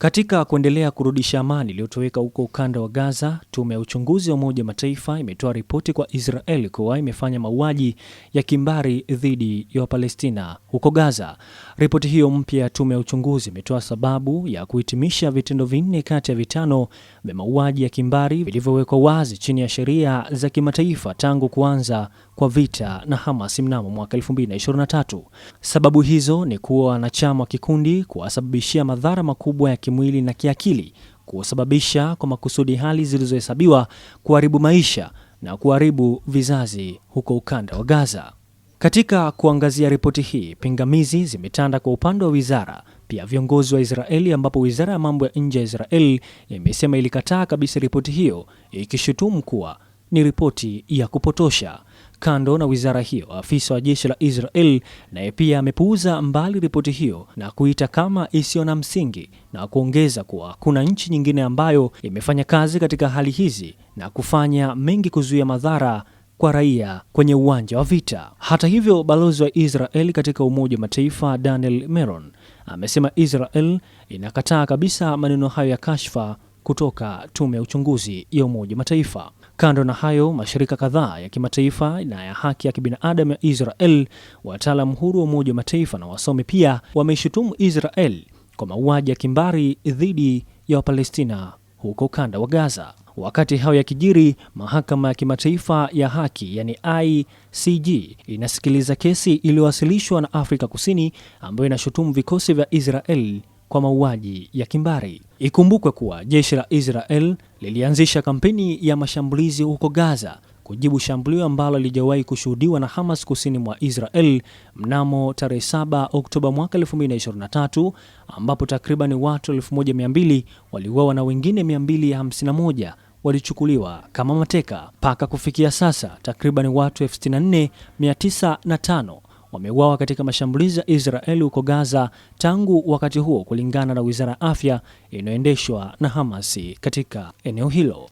Katika kuendelea kurudisha amani iliyotoweka huko ukanda wa Gaza, tume ya uchunguzi wa Umoja Mataifa imetoa ripoti kwa Israel kuwa imefanya mauaji ya kimbari dhidi ya Wapalestina huko Gaza. Ripoti hiyo mpya ya tume ya uchunguzi imetoa sababu ya kuhitimisha vitendo vinne kati ya vitano vya mauaji ya kimbari vilivyowekwa wazi chini ya sheria za kimataifa tangu kuanza kwa vita na Hamas mnamo mwaka 2023. Sababu hizo ni kuwa wanachama wa kikundi kuwasababishia madhara makubwa ya kimwili na kiakili, kusababisha kwa makusudi hali zilizohesabiwa kuharibu maisha na kuharibu vizazi huko ukanda wa Gaza. Katika kuangazia ripoti hii, pingamizi zimetanda kwa upande wa wizara pia viongozi wa Israeli ambapo wizara ya mambo ya nje ya Israeli imesema ilikataa kabisa ripoti hiyo ikishutumu kuwa ni ripoti ya kupotosha. Kando na wizara hiyo, afisa wa jeshi la Israel naye pia amepuuza mbali ripoti hiyo na kuita kama isiyo na msingi na kuongeza kuwa kuna nchi nyingine ambayo imefanya kazi katika hali hizi na kufanya mengi kuzuia madhara kwa raia kwenye uwanja wa vita. Hata hivyo, balozi wa Israel katika Umoja wa Mataifa Daniel Meron amesema Israel inakataa kabisa maneno hayo ya kashfa kutoka tume ya uchunguzi ya Umoja Mataifa. Kando na hayo, mashirika kadhaa ya kimataifa na ya haki ya kibinadamu ya Israel, wataalamu huru wa Umoja Mataifa na wasomi pia wameishutumu Israel kwa mauaji ya kimbari dhidi ya Wapalestina huko ukanda wa Gaza. Wakati hayo yakijiri, mahakama ya kimataifa ya haki yani ICJ inasikiliza kesi iliyowasilishwa na Afrika Kusini ambayo inashutumu vikosi vya Israel kwa mauaji ya kimbari. Ikumbukwe kuwa jeshi la Israel lilianzisha kampeni ya mashambulizi huko Gaza kujibu shambulio ambalo lilijawahi kushuhudiwa na Hamas kusini mwa Israel mnamo tarehe 7 Oktoba mwaka 2023 ambapo takriban watu 1200 waliuawa na wengine 251 walichukuliwa kama mateka. Mpaka kufikia sasa takriban watu 64905 wameuawa katika mashambulizi ya Israeli huko Gaza tangu wakati huo, kulingana na wizara ya afya inayoendeshwa na Hamasi katika eneo hilo.